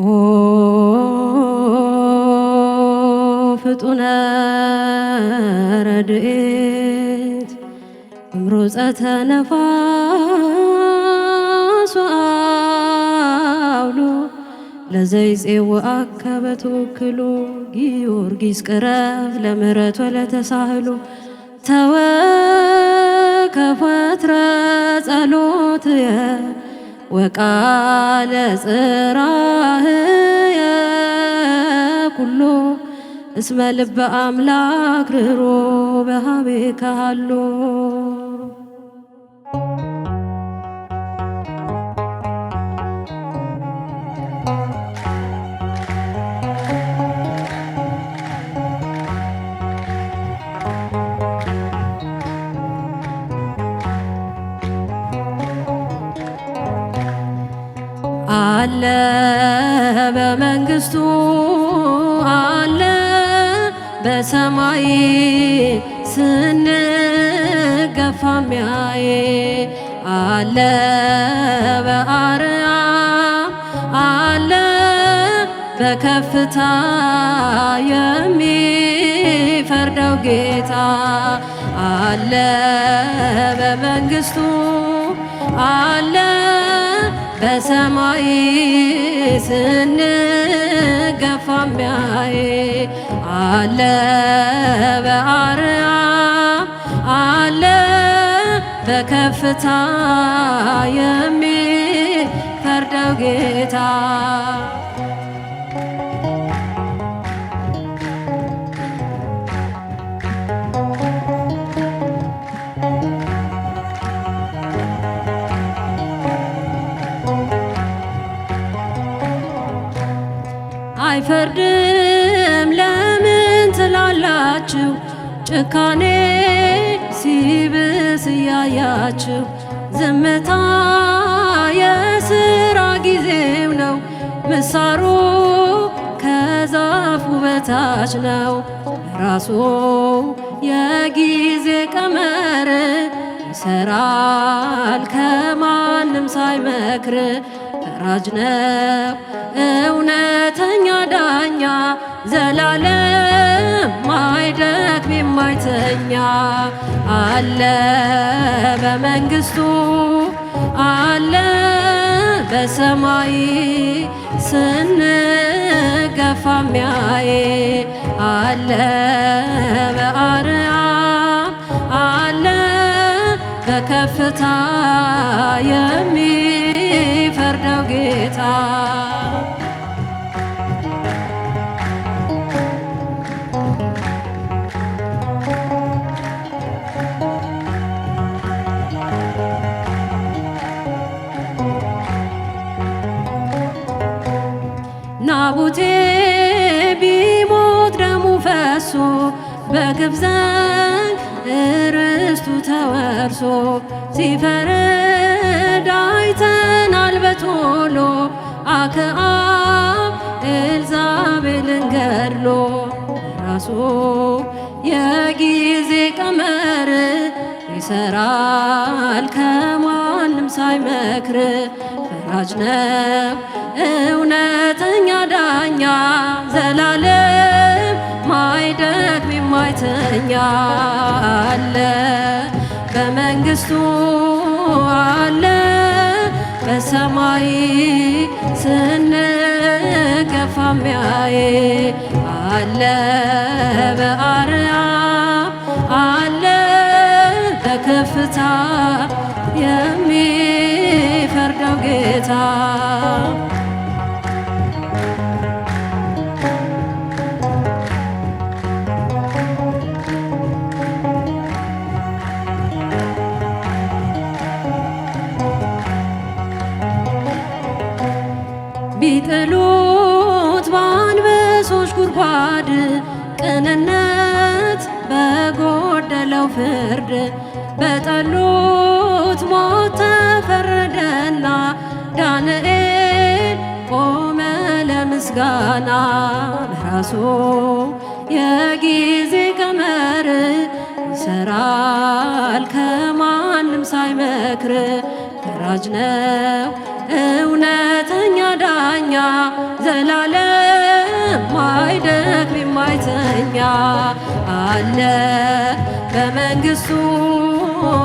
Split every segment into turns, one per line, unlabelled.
ኦ ፍጡነ ረድኤት እምሮፀተ ነፋስ አውሎ ለዘይፄወአከ በትወክሉ ጊዮርጊስ ቅረብ ለምሕረት ወለተሳህሉ ተወከፈትረ ጸሎትየ ወቃለ ጽራህየ ኩሉ እስመ ልበ አምላክ ርኅሩኅ በኀቤከ ሀሎ አለ በአርያም አለ በከፍታ የሚፈርደው ጌታ አለ በመንግስቱ አለ በሰማይ ስንገፋ ሚያይ አለ ከፍታ የሚፈርደው ጌታ አይፈርድም ለምን ትላላችሁ ጭካኔ ሲብ ሲፈስ እያያችሁ ዝምታ የስራ ጊዜው ነው። ምሳሩ ከዛፉ በታች ነው። ራሱ የጊዜ ቀመር ይሰራል ከማንም ሳይመክር ፈራጅ ነው እውነተኛ ዳኛ ዘላለም ማይደክም የማይተኛ አለ በመንግስቱ አለ በሰማይ ስንገፋ ሚያይ አለ በአርያም አለ በከፍታ የሚፈርደው ጌታ ታቦቴ ቢሞት ደሙ ፈሶ በግብፅ እርስቱ ተወርሶ ሲፈርድ አይተናል በቶሎ አክዓብ ኤልዛቤልን ገድሎ ራሱ የጊዜ ቀመር ይሰራል ከማንም ሳይመክር ፈራጅ ነው እውነት የማይተኛ ዘላለም ማይደክም የማይተኛ አለ በመንግስቱ አለ በሰማይ ስንከፋ የሚያይ አለ በአርያም አለ በከፍታ የሚፈርደው ጌታ ጥሎት በአንበሶች ጉድጓድ ቅንነት በጎደለው ፍርድ በጠሉት ሞት ተፈረደና ዳንኤል ቆመ ለምስጋና በራሱ የጊዜ ቀመር ይሰራል ከማንም ሳይመክር ደራጅ ነው ዳኛ ዘላለም ማይደክም የማይተኛ አለ በመንግስቱ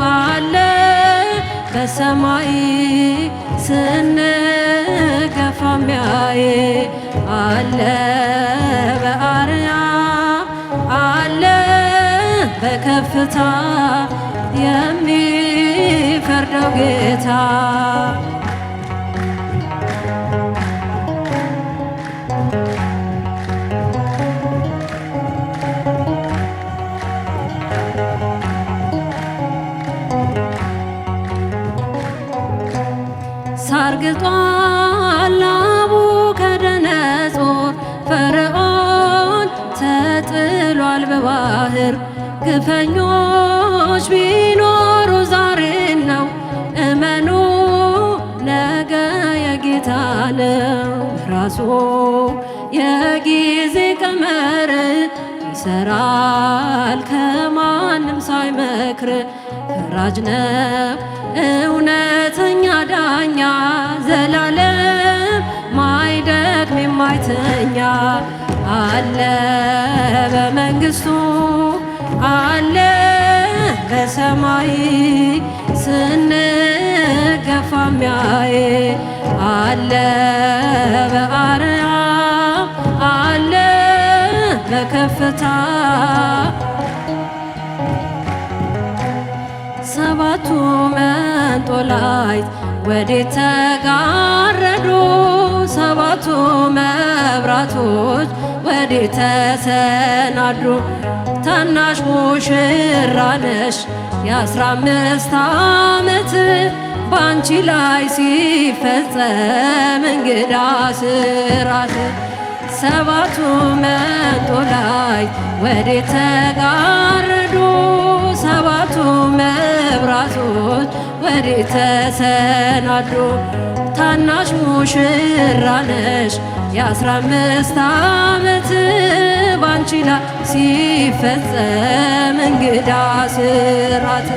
አለ በሰማይ ስንገፋ ሚያይ አለ በአርያም አለ በከፍታ የሚፈርደው ጌታ ተገልጧል ናቡከደነፆር ፈርዖን ተጥሏል በባህር ግፈኞች ቢኖሩ ዛሬ ነው እመኑ ነገ የጌታ ነው ራሱ የጊዜ ቀመር ይሰራል ከማንም ሳይመክር ፈራጅ ነው እውነት ዳኛ ዘላለም ማይደክም የማይተኛ አለ በመንግስቱ አለ በሰማይ ስንገፋ ሚያይ አለ በአርያም አለ በከፍታ ሰባቱ መንጦላይት ወዴት ተጋረዱ ሰባቱ መብራቶች ወዴት ተሰናዱ? ታናሽ ሙሽራ ነሽ የአስራ አምስት ዓመት ባንቺ ላይ ሲፈጸም እንግዳ ስራት ሰባቱ መንጦ ላይ ወዴት ተጋረዱ ሰባቱ መብራቶች ወሬ ተሰናዶ ታናሽ ሙሽራ ነሽ የአስራ አምስት ዓመት ባንቺ ላይ ሲፈጸም እንግዳ ስራት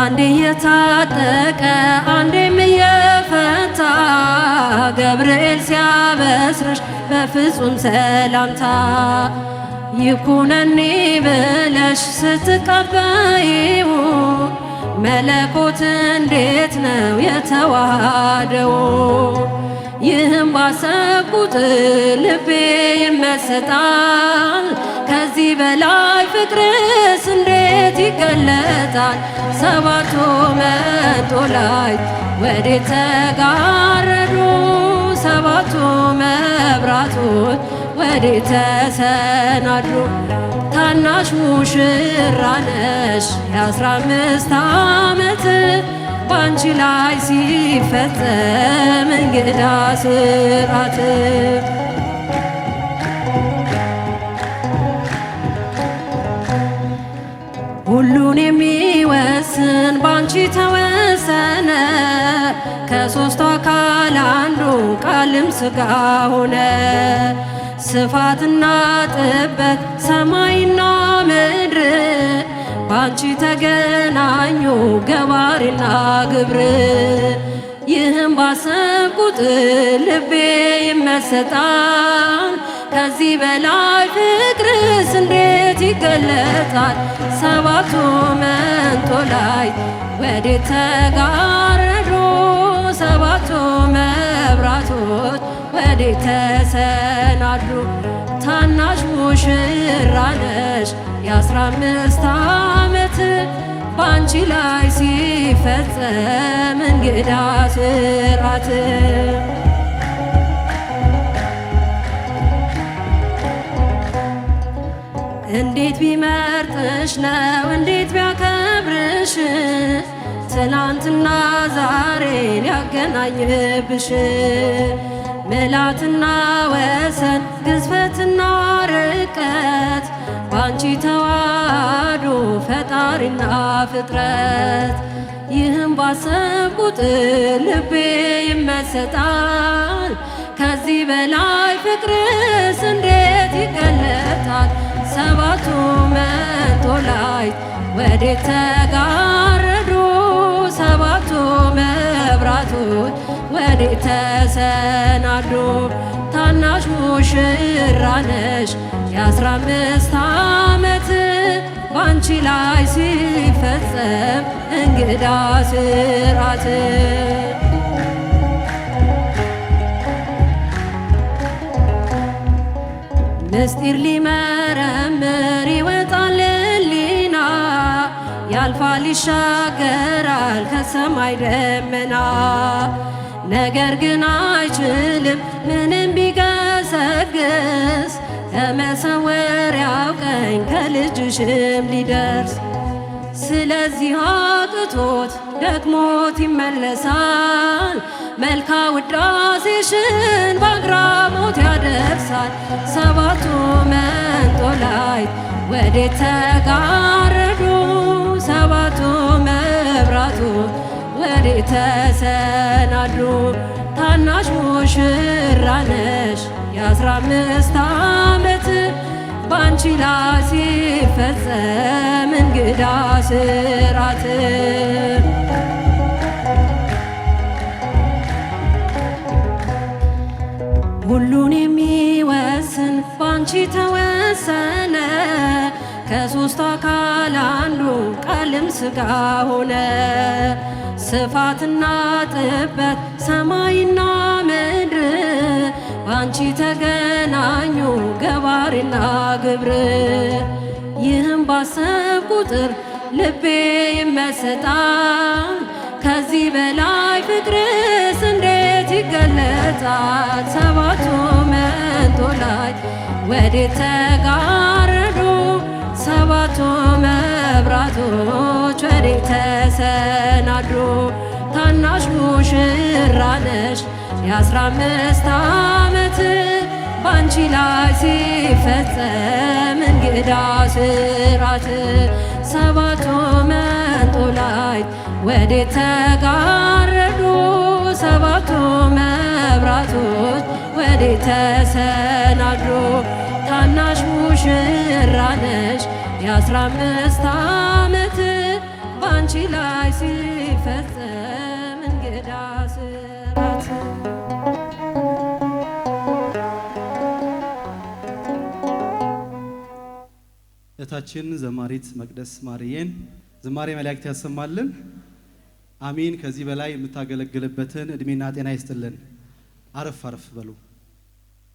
አንዴ የታጠቀ አንዴም የፈታ ገብርኤል ሲያበስረሽ በፍጹም ሰላምታ ይኩነኒ ብለሽ ስትቀበይው መለኮት እንዴት ነው የተዋሃደው? ይህም ባሰብ ቁጥር ልቤ ይመሰጣል። ከዚህ በላይ ፍቅርስ እንዴት ይገለጣል? ሰባቱ መቶ ላይ ወዴት ተጋረዱ? ሰባቱ መብራቶች ወዲህ ተሰናድሮ ታናሽ ሙሽራ ነሽ የአስራ አምስት ዓመት ባንቺ ላይ ሲፈጸም እንግዳ ስርዓት ሁሉን የሚወስን ባንቺ ተወሰነ ከሶስቱ አካል አንዱ ቃልም ስጋ ሆነ ስፋትና ጥበት ሰማይና ምድር ባንቺ ተገናኙ ገባሪና ግብር። ይህም ባሰብ ልቤ ይመሰጣል። ከዚህ በላይ ፍቅርስ እንዴት ይገለጣል? ሰባቱ ላይ ወዴት ተጋረዶ ሰባቱ መብራቶች ወዴት ተሰናዱ? ታናሽ ሙሽራ ነሽ የአስራ አምስት ዓመት በአንቺ ላይ ሲፈጸም እንግዳ ስራት እንዴት ቢመርጥሽ ነው እንዴት ቢያከብርሽ ትናንትና ዛሬ ያገናኝብሽ መላትና ወሰን ግዝፈትና ርቀት ባንቺ ተዋህዶ ፈጣሪና ፍጥረት ይህም ባሰብ ልቤ ይመሰጣል። ከዚህ በላይ ፍቅርስ እንዴት ይገለጣል? ሰባቱ መቶ ላይ ወዴት ተጋረ ሰባቱ መብራቱ ወዲህ ተሰናዱ። ታናሽ ሙሽራ የአስራ አምስት ዓመት ባንቺ ላይ ሲፈጸም እንግዳ ስርዓት ምስጢር ሊመ ያልፋል ይሻገራል ከሰማይ ደመና ነገር ግን አይችልም ምንም ቢገሰግስ ከመሰወሪያው ቀኝ ከልጅሽም ሊደርስ ስለዚህ አቅቶት ደክሞት ይመለሳል። መልካ ውዳሴሽን በአግራሞት ያደርሳል። ሰባቱ መንጦላይት ወዴት ተጋ ተሰናዱ ታናሽ ሙሽራ ነሽ የአስራ አምስት ዓመት በአንቺ ላይ ሲፈጸም እንግዳ ስራት ሁሉን የሚወስን ባንቺ ተወሰነ። ከሶስት አካል አንዱ ቃልም ስጋ ሆነ። ስፋትና ጥበት ሰማይና ምድር ባንቺ ተገናኙ ገባሪና ግብር። ይህም ባሰብ ቁጥር ልቤ ይመሰጣል። ከዚህ በላይ ፍቅርስ እንዴት ይገለጻል? ሰባቱ መንጦላዕት ወዴት ተጋረዱ? ሰባቱ መብራቶች ወዴት ተሰናዱ? ታናሽ ሙሽራ ነሽ የአስራ አምስት ዓመት ባንቺ ላይ ሲፈጸም እንግዳ ስራት ሰባቱ መንጦላዕት ወዴት ተጋረዱ? ሰባቱ መብራቶች ወዴት ተሰናዱ? ታናሽ ሙሽራ ነሽ የአስራ አምስት ዓመት ባንቺ ላይ ሲፈጸም እንግዳ ስራት እህታችን ዘማሪት መቅደስ ማርዬን ዝማሬ መላእክት ያሰማልን። አሚን። ከዚህ በላይ የምታገለግልበትን እድሜና ጤና ይስጥልን። አረፍ አረፍ በሉ።